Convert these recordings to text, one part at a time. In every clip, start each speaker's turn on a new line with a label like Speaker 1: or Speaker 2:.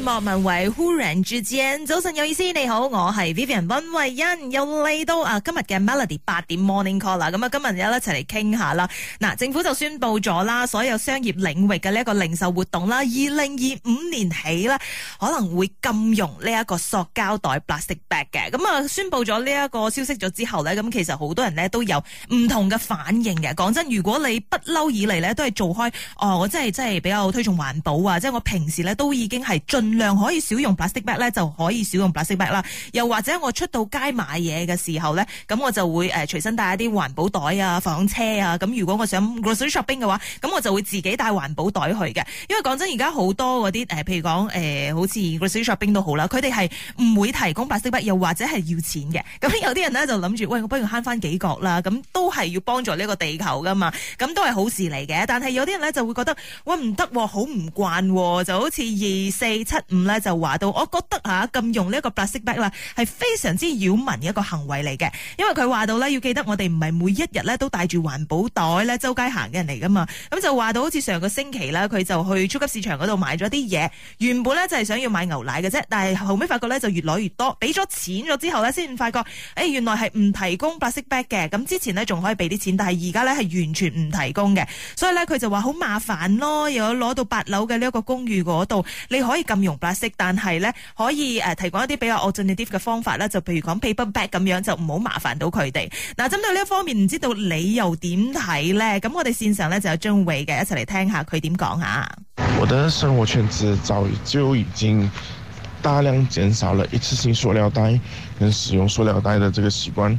Speaker 1: 莫文蔚 Who Ran 主 n 早晨有意思，你好，我係 Vivian 溫慧欣，又嚟到啊今日嘅 Melody 八點 Morning Call 啦，啊，咁啊今日又一齊嚟傾下啦。嗱，政府就宣布咗啦，所有商業領域嘅呢一個零售活動啦，二零二五年起咧，可能會禁用呢一個塑膠袋，plastic bag 嘅。咁啊，宣布咗呢一個消息咗之後呢，咁其實好多人呢都有唔同嘅反應嘅。講真，如果你不嬲以嚟呢都係做開，哦，啊，我真係真係比較推崇環保啊，即係我平時呢都已經係盡量可以少用白色包咧，就可以少用白色包啦。又或者我出到街買嘢嘅時候咧，咁我就會誒隨身帶一啲環保袋啊、房車啊。咁如果我想 grocery shopping 嘅話，咁我就會自己帶環保袋去嘅。因為講真，而家好多嗰啲誒，譬如講誒、呃，好似 grocery shopping 都好啦，佢哋係唔會提供白色筆，又或者係要錢嘅。咁有啲人咧就諗住，喂、欸，我不如慳翻幾角啦。咁都係要幫助呢個地球噶嘛，咁都係好事嚟嘅。但係有啲人咧就會覺得，喂，唔得，好唔慣，就好似二四。七五咧就話到，我覺得吓咁、啊、用呢一個白色 bag 啦，係非常之擾民一個行為嚟嘅。因為佢話到咧，要記得我哋唔係每一日咧都帶住環保袋咧周街行嘅人嚟噶嘛。咁、啊、就話到好似上個星期啦，佢就去超級市場嗰度買咗啲嘢，原本咧就係想要買牛奶嘅啫，但係後尾發覺咧就越攞越多，俾咗錢咗之後咧先發覺，誒、哎、原來係唔提供白色 bag 嘅。咁之前呢仲可以俾啲錢，但係而家咧係完全唔提供嘅。所以咧佢就話好麻煩咯，又攞到八樓嘅呢一個公寓嗰度，你可以咁。用白色，但係咧可以誒提供一啲比較 alternative 嘅方法啦，就譬如講 paper bag 咁樣，就唔好麻煩到佢哋。嗱，針對呢一方面，唔知道你又點睇咧？咁我哋線上咧就有張偉嘅一齊嚟聽，聽下佢點講下。
Speaker 2: 我的生活圈子早就已經大量減少了，一次性塑料袋跟使用塑料袋的這個習慣。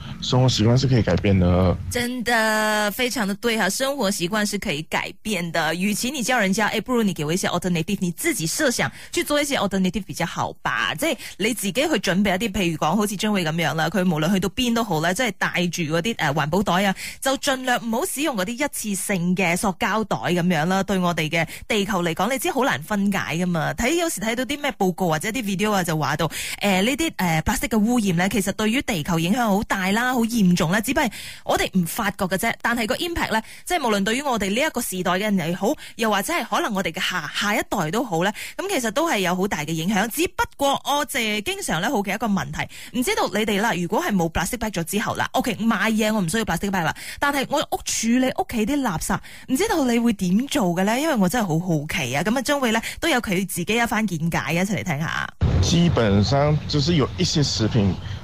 Speaker 2: 生活習慣是可以改變的，
Speaker 1: 真的非常的對哈、啊！生活習慣是可以改變的，與其你教人家，誒、欸，不如你給我一些 alternative，你自己設想，去做一些 alternative 比較好吧。即係你自己去準備一啲，譬如講好似張會咁樣啦，佢無論去到邊都好啦，即係帶住嗰啲誒環保袋啊，就盡量唔好使用嗰啲一次性嘅塑膠袋咁樣啦。對我哋嘅地球嚟講，你知好難分解噶嘛？睇有時睇到啲咩報告、啊、或者啲 video 啊，就話到誒呢啲誒白色嘅污染咧，其實對於地球影響好大啦。嚴呢好嚴重啦，只不過我哋唔發覺嘅啫。但係個 impact 咧，即係無論對於我哋呢一個時代嘅人又好，又或者係可能我哋嘅下下一代都好咧，咁其實都係有好大嘅影響。只不過我借經常咧好奇一個問題，唔知道你哋啦，如果係冇 plastic bag 咗之後啦，OK 買嘢我唔需要 plastic bag 啦，但係我屋處理屋企啲垃圾，唔知道你會點做嘅咧？因為我真係好好奇啊！咁啊，將會咧都有佢自己一番見解一齊嚟聽下。
Speaker 2: 基本上就是有一些食品。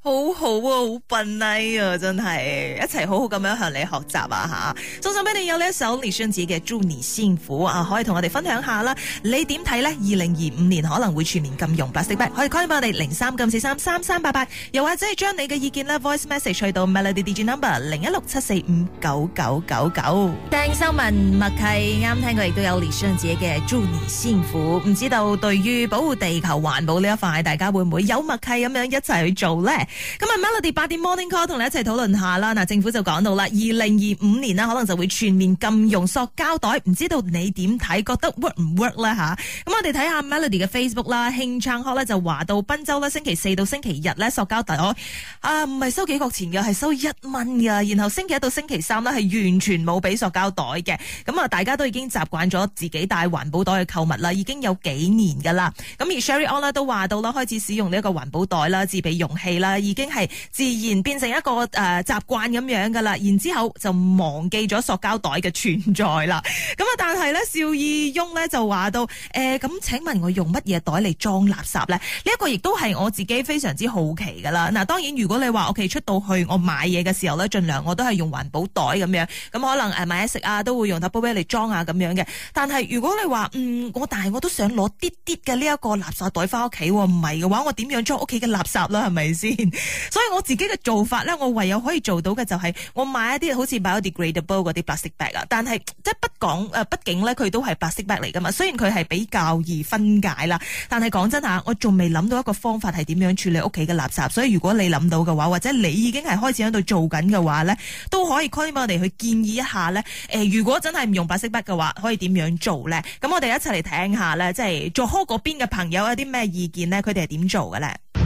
Speaker 1: 好好啊，好笨啊，真係一齊好好咁樣向你學習啊吓！仲想俾你有呢一首李商子嘅 junny 仙福啊，可以同我哋分享下啦。你點睇呢？二零二五年可能會全面禁用白色筆，可以 call 我哋零三九四三三三八八，又或者係將你嘅意見呢 voice message 去到 melody Digi number 零一六七四五九九九九。鄭秀文默契啱聽過，亦都有李商子嘅 junny 仙福。唔知道對於保護地球環保呢一塊，大家會唔會有默契咁樣一齊去做呢？咁啊，Melody 8點 Morning Call 同你一齊討論下啦。嗱，政府就講到啦，二零二五年啦，可能就會全面禁用塑膠袋。唔知道你點睇？覺得 work 唔 work 呢？吓？咁我哋睇下 Melody 嘅 Facebook 啦，興昌 hall 咧就話到，濱州啦，星期四到星期日咧，塑膠袋啊，唔係收幾角錢嘅，係收一蚊噶。然後星期一到星期三呢係完全冇俾塑膠袋嘅。咁啊，大家都已經習慣咗自己帶環保袋去購物啦，已經有幾年噶啦。咁而 Sherry On 都話到啦，開始使用呢一個環保袋啦，自備容器啦。已經係自然變成一個誒、呃、習慣咁樣噶啦，然之後就忘記咗塑膠袋嘅存在啦。咁啊，但係咧，邵義翁咧就話到誒，咁請問我用乜嘢袋嚟裝垃圾咧？呢、這、一個亦都係我自己非常之好奇噶啦。嗱，當然如果你話我企出到去，我買嘢嘅時候咧，盡量我都係用環保袋咁樣。咁可能誒買嘢食啊，都會用下布袋嚟裝啊咁樣嘅。但係如果你話嗯，我但係我都想攞啲啲嘅呢一點點個垃圾袋翻屋企，唔係嘅話，我點樣裝屋企嘅垃圾啦？係咪先？ 所以我自己嘅做法咧，我唯有可以做到嘅，就係、是、我買一啲好似 biodegradable 嗰啲白色 bag 啊，但係即係不講誒、畢、呃、竟咧佢都係白色 bag 嚟噶嘛。雖然佢係比較易分解啦，但係講真吓，我仲未諗到一個方法係點樣處理屋企嘅垃圾。所以如果你諗到嘅話，或者你已經係開始喺度做緊嘅話咧，都可以 call 埋我哋去建議一下咧。誒、呃，如果真係唔用白色 bag 嘅話，可以點樣做咧？咁我哋一齊嚟聽一下咧，即、就、係、是、做 h 嗰邊嘅朋友有啲咩意見咧？佢哋係點做嘅咧？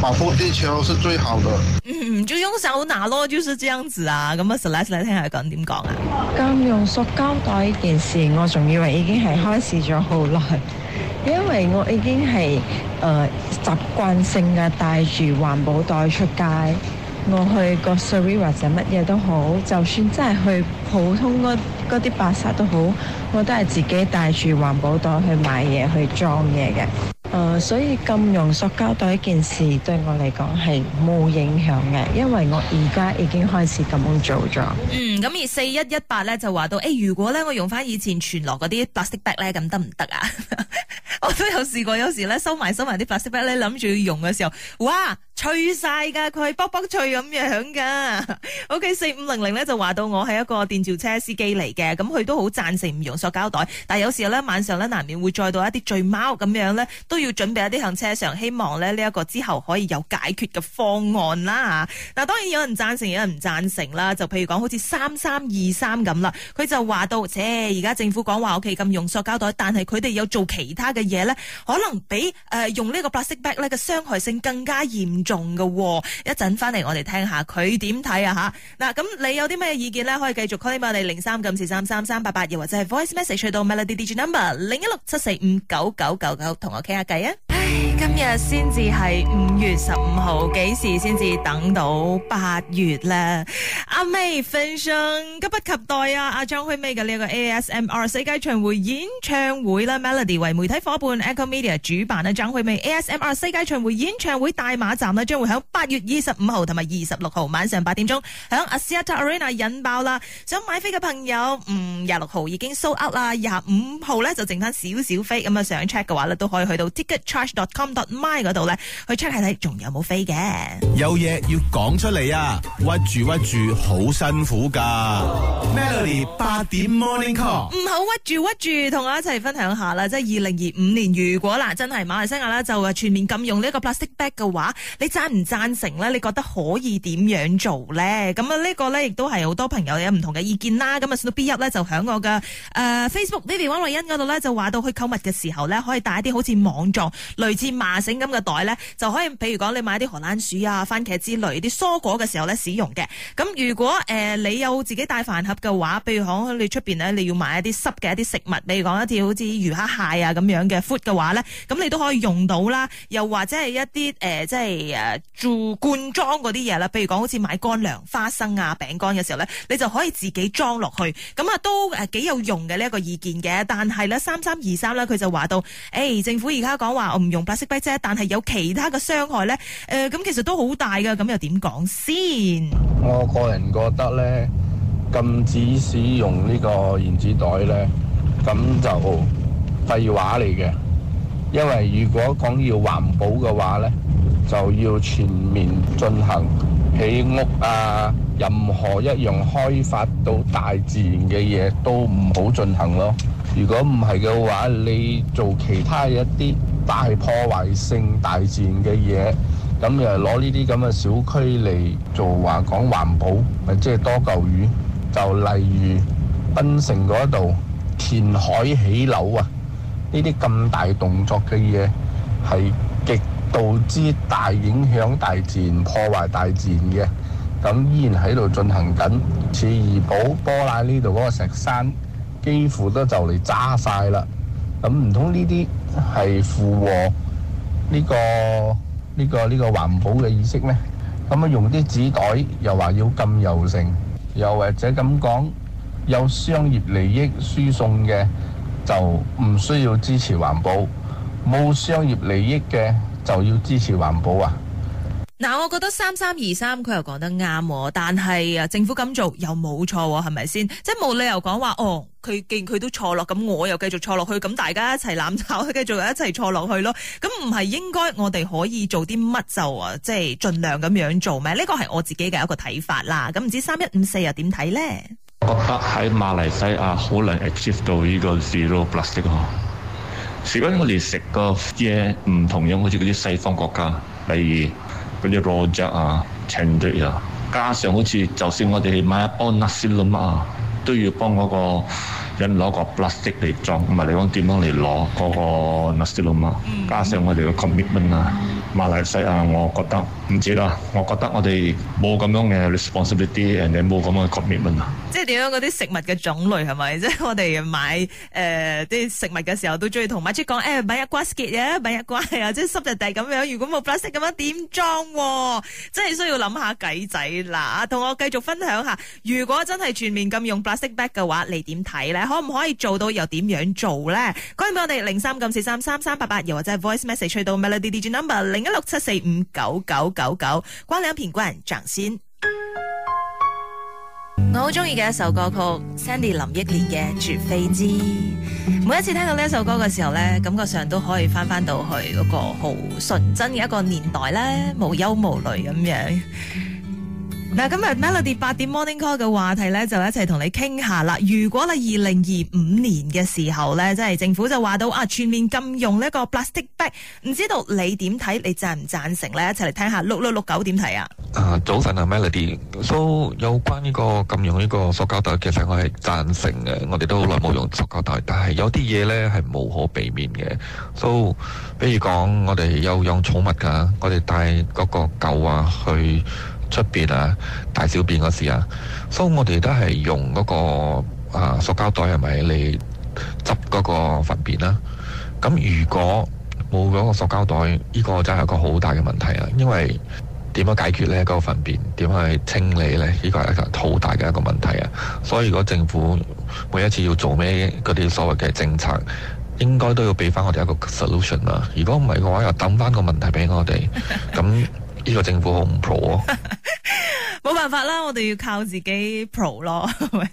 Speaker 1: 保護地球是最好的。嗯，就用手拿咯，就是這樣子啊。咁啊 s e l 嚟聽下佢講點講啊。咁用塑膠袋呢件事，我仲以為已經係開始咗好耐，因為我已經係誒、呃、習慣性嘅帶住環保袋出街。我去個 Siri 或者乜嘢都好，就算真係去普通嗰啲巴剎都好，我都係自己帶住環保袋去買嘢去裝嘢嘅。誒、呃，所以禁用塑膠袋一件事對我嚟講係冇影響嘅，因為我而家已經開始咁樣做咗。嗯，咁而四一一八咧就話到，誒、欸，如果咧我用翻以前存落嗰啲白色 bag 咧，咁得唔得啊？ 我都有試過，有時咧收埋收埋啲白色 bag 咧，諗住要用嘅時候，哇！脆晒噶，佢係卜卜脆咁樣噶。O K，四五零零咧就話到我係一個電召車司機嚟嘅，咁佢都好贊成唔用塑膠袋，但有時候咧晚上咧難免會載到一啲醉貓咁樣咧，都要準備一啲向車上，希望咧呢一個之後可以有解決嘅方案啦。嗱，當然有人贊成，有人唔贊成啦。就譬如講好似三三二三咁啦，佢就話到，切而家政府講話 O K 咁用塑膠袋，但係佢哋有做其他嘅嘢咧，可能比誒、呃、用呢個白色 bag 咧嘅傷害性更加嚴重嘅、啊，一陣翻嚟我哋聽下佢點睇啊嚇！嗱、啊，咁你有啲咩意見咧？可以繼續 call 埋我哋零三九四三三三八八八，又或者係 voice message 去到 Melody Digi number 零一六七四五九九九九，同我傾下偈啊！今日先至係五月十五號，幾時先至等到八月咧？阿 May Finson，急不及待啊！阿張惠妹嘅呢個 ASMR 世界巡回演唱會啦、啊、，Melody 為媒體伙伴 Echo Media 主辦啊。張惠妹 ASMR 世界巡回演唱會大馬站呢、啊，將會響八月二十五號同埋二十六號晚上八點鐘響 Axiata Arena 引爆啦！想買飛嘅朋友，嗯，廿六號已經 sold out 啦，廿五號咧就剩翻少少飛咁啊！想 check 嘅話咧，都可以去到 Ticket Charge。c o m t 嗰度咧，去 check 下睇仲有冇飛嘅。
Speaker 3: 有嘢要講出嚟啊！屈住屈住，好辛苦噶。Melody 八點 morning call。
Speaker 1: 唔好屈住屈住，同我一齊分享下啦。即係二零二五年，如果啦，真係馬來西亞啦，就全面禁用呢個 plastic bag 嘅話，你贊唔贊成咧？你覺得可以點樣做咧？咁啊，呢個咧亦都係好多朋友有唔同嘅意見啦。咁啊，到 B 一咧就響我嘅誒 Facebook Vivian 汪慧欣嗰度咧，就話、呃、到去購物嘅時候咧，可以帶啲好似網狀。類似麻繩咁嘅袋咧，就可以，譬如講你買啲荷蘭薯啊、番茄之類啲蔬果嘅時候咧，使用嘅。咁如果誒、呃、你有自己帶飯盒嘅話，譬如講你出邊咧，你要買一啲濕嘅一啲食物，譬如講一啲好似魚蝦蟹啊咁樣嘅 food 嘅話咧，咁你都可以用到啦。又或者係一啲誒、呃，即係誒做罐裝嗰啲嘢啦，譬如講好似買乾糧、花生啊、餅乾嘅時候咧，你就可以自己裝落去。咁啊，都誒幾有用嘅呢一個意見嘅。但係咧，三三二三咧，佢就話到，誒、欸，政府而家講話我唔用。白色筆啫，但係有其他嘅傷害咧。誒、呃，咁其實都好大噶。咁又點講先？
Speaker 4: 我個人覺得咧，禁止使用呢個原子袋咧，咁就廢話嚟嘅。因為如果講要環保嘅話咧，就要全面進行。起屋啊，任何一樣開發到大自然嘅嘢都唔好進行咯。如果唔係嘅話，你做其他一啲。大破壞性大自然嘅嘢，咁又攞呢啲咁嘅小區嚟做話講環保，咪即係多嚿魚。就例如，檳城嗰度填海起樓啊，呢啲咁大動作嘅嘢係極度之大影響大自然破壞大自然嘅，咁依然喺度進行緊。似怡保波拉呢度嗰個石山，幾乎都就嚟渣晒啦。咁唔通呢啲係符合呢個呢個呢個環保嘅意識咩？咁啊，用啲紙袋又話要禁柔性，又或者咁講，有商業利益輸送嘅就唔需要支持環保，冇商業利益嘅就要支持環保啊？
Speaker 1: 嗱、啊，我覺得三三二三佢又講得啱，但係啊，政府咁做又冇錯，係咪先？即係冇理由講話哦，佢既然佢都錯落，咁我又繼續錯落去，咁大家一齊攬炒，繼續一齊錯落去咯。咁唔係應該我哋可以做啲乜就啊？即係盡量咁樣做咩？呢、這個係我自己嘅一個睇法啦。咁唔知三一五四又點睇咧？
Speaker 3: 我覺得喺馬來西亞好難 Achieve 到呢個 zero plastic 啊。事關我哋食個嘢唔同樣，好似嗰啲西方國家，例如。嗰啲攞著啊，程的呀，加上好似就算我哋去買一包 nasi lemak 啊，都要幫嗰個人攞個 plastic 嚟裝，唔係你講點樣嚟攞嗰個 nasi lemak？加上我哋嘅 commitment、嗯、啊。馬來西亞，我覺得唔知啦。我覺得我哋冇咁樣嘅 responsibility，人哋冇咁嘅 commitment 啦。
Speaker 1: 即係點樣嗰啲食物嘅種類係咪？即係我哋買誒啲食物嘅時候都中意同 Mark 姐講誒，買一瓜 skit 嘅，買一瓜啊，即係濕日第咁樣。如果冇 plastic 咁樣點裝？真係需要諗下計仔啦。同我繼續分享下，如果真係全面禁用 plasticbag 嘅話，你點睇咧？可唔可以做到？又點樣做咧？歡迎俾我哋零三九四三三三八八，又或者係 voice message 去到 Melody digital number。另一一六七四五九九九九，關兩片關人，掌聲先。我好中意嘅一首歌曲，Sandy 林憶蓮嘅《絕非之》。每一次聽到呢一首歌嘅時候咧，感覺上都可以翻翻到去嗰個好純真嘅一個年代咧，無憂無慮咁樣。嗱，今日 Melody 八點 Morning Call 嘅話題咧，就一齊同你傾下啦。如果你二零二五年嘅時候咧，即係政府就話到啊，全面禁用呢個 plastic bag，唔知道你點睇？你贊唔贊成咧？一齊嚟聽下六六六九點睇啊！
Speaker 4: 啊，早晨啊，Melody，so，有關呢個禁用呢個塑膠袋，其實我係贊成嘅。我哋都好耐冇用塑膠袋，但係有啲嘢咧係無可避免嘅。so，比如講我哋有養寵物噶，我哋帶嗰個狗啊去。出邊啊，大小便嗰時啊，所、so，以我哋都係用嗰、那個啊塑膠袋係咪嚟執嗰個糞便啦？咁如果冇嗰個塑膠袋，呢、這個真係一個好大嘅問題啊！因為點樣解決咧嗰、那個糞便，點去清理咧？呢、這個係一個好大嘅一個問題啊！所以如果政府每一次要做咩嗰啲所謂嘅政策，應該都要俾翻我哋一個 solution 啦、啊。如果唔係嘅話，我又掟翻個問題俾我哋咁。 呢、這個政府好唔 pro 啊！
Speaker 1: 冇 辦法啦，我哋要靠自己 pro 咯，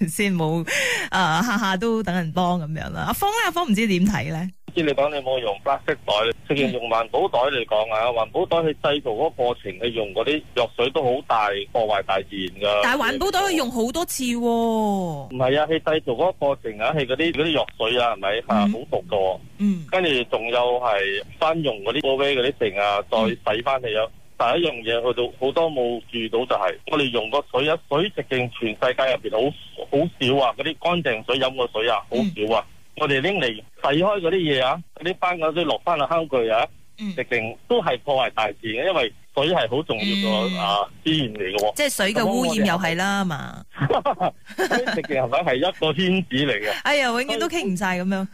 Speaker 1: 先冇啊下下都等人幫咁樣啦。阿方阿方唔知點睇咧？
Speaker 3: 知你講你冇用白色袋，直接用環保袋嚟講啊！環保袋佢製造嗰個過程，佢用嗰啲藥水都好大破壞大自然噶。但係環保
Speaker 1: 袋可以用好多次喎。唔
Speaker 3: 係啊，佢製造嗰個過程啊，係嗰啲啲藥水啊，係咪嚇好毒㗎？嗯、mm-hmm.。跟住仲有係翻用嗰啲玻璃嗰啲剩啊，再洗翻佢咗。Mm-hmm. 第一樣嘢去到好多冇注意到就係，我哋用個水啊，水直情全世界入邊好好少啊，嗰啲乾淨水飲個水啊，好少啊。我哋拎嚟洗開嗰啲嘢啊，嗰啲翻嗰啲落翻去坑具啊，嗯、直情都係破壞大自然嘅，因為水係好重要個、嗯、啊資源嚟嘅，即係水嘅污染又係
Speaker 1: 啦嘛。
Speaker 3: 直情係咪係一個圈子嚟嘅？
Speaker 1: 哎呀，永遠都傾唔晒咁
Speaker 3: 樣，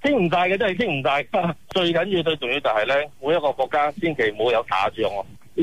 Speaker 3: 傾唔晒嘅，真係傾唔晒。 最緊要最重要就係咧，每一個國家千祈唔好有打仗。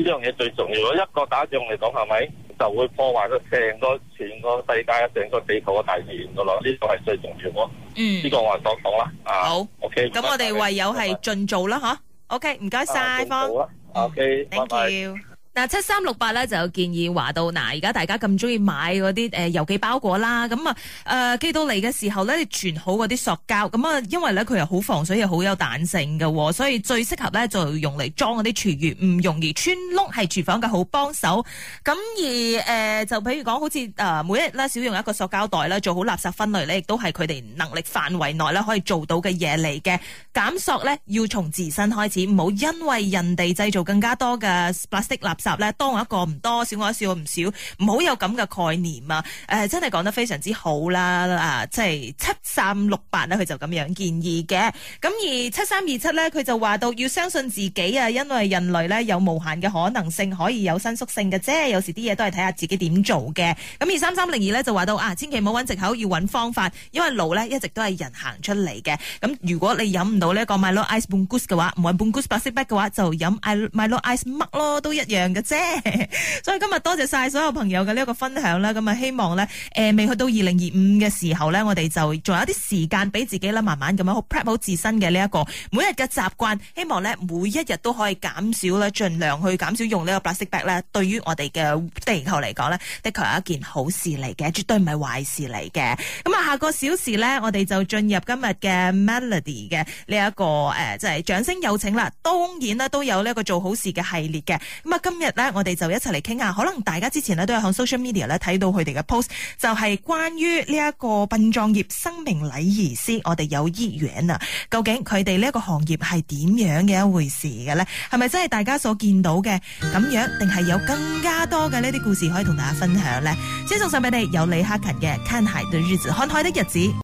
Speaker 3: 呢樣嘢最重要。如果一個打仗嚟講，係咪就會破壞咗成個全個世界啊，成個地球嘅大自然㗎咯？呢個係最重要咯。嗯，呢個我係講啦。好。OK，咁我哋唯有係
Speaker 1: 盡做啦，吓。OK，唔該晒，方。
Speaker 3: 好啊。OK，Thank you。
Speaker 1: 嗱，七三六八咧就建議話到，嗱而家大家咁中意買嗰啲誒郵寄包裹啦，咁啊誒寄到嚟嘅時候咧，存好嗰啲塑膠，咁啊，因為咧佢又好防水，又好有彈性嘅、哦，所以最適合咧就用嚟裝嗰啲廚餘，唔容易穿窿，係廚房嘅好幫手。咁而誒、呃、就譬如講，好似誒每一日少用一個塑膠袋啦，做好垃圾分類咧，亦都係佢哋能力範圍內呢可以做到嘅嘢嚟嘅。減塑咧要從自身開始，唔好因為人哋製造更加多嘅 plastic 垃圾。多我一個唔多，少我一個少唔少，唔好有咁嘅概念啊！誒、呃，真係講得非常之好啦啊、呃！即係七三六八咧，佢就咁樣建議嘅。咁而七三二七咧，佢就話到要相信自己啊，因為人類咧有無限嘅可能性，可以有伸縮性嘅。即有時啲嘢都係睇下自己點做嘅。咁二三三零二咧就話到啊，千祈唔好揾借口，要搵方法，因為路咧一直都係人行出嚟嘅。咁如果你飲唔到呢一個 Milo Ice bungkus 嘅話，唔搵 bungkus plastic bag 嘅話，就飲 Milo Ice 麥咯都一樣。嘅啫，所以今日多謝晒所有朋友嘅呢一個分享啦。咁啊，希望咧，誒，未去到二零二五嘅時候咧，我哋就仲有一啲時間俾自己啦，慢慢咁樣 prepare 好自身嘅呢一個每日嘅習慣。希望咧，每一日都可以減少啦，盡量去減少用呢個 plastic bag 咧。對於我哋嘅地球嚟講咧，的確係一件好事嚟嘅，絕對唔係壞事嚟嘅。咁啊，下個小時咧，我哋就進入今日嘅 Melody 嘅呢一個誒，即係掌聲有請啦。當然啦，都有呢一個做好事嘅系列嘅。咁啊，今今日咧，我哋就一齊嚟傾下，可能大家之前咧都有喺 social media 咧睇到佢哋嘅 post，就係關於呢一個殯葬業生命禮儀師，我哋有議員啊，究竟佢哋呢一個行業係點樣嘅一回事嘅咧？係咪真係大家所見到嘅咁樣，定係有更加多嘅呢啲故事可以同大家分享呢？先送上俾你有李克勤嘅《看海的日子》，看海的日子。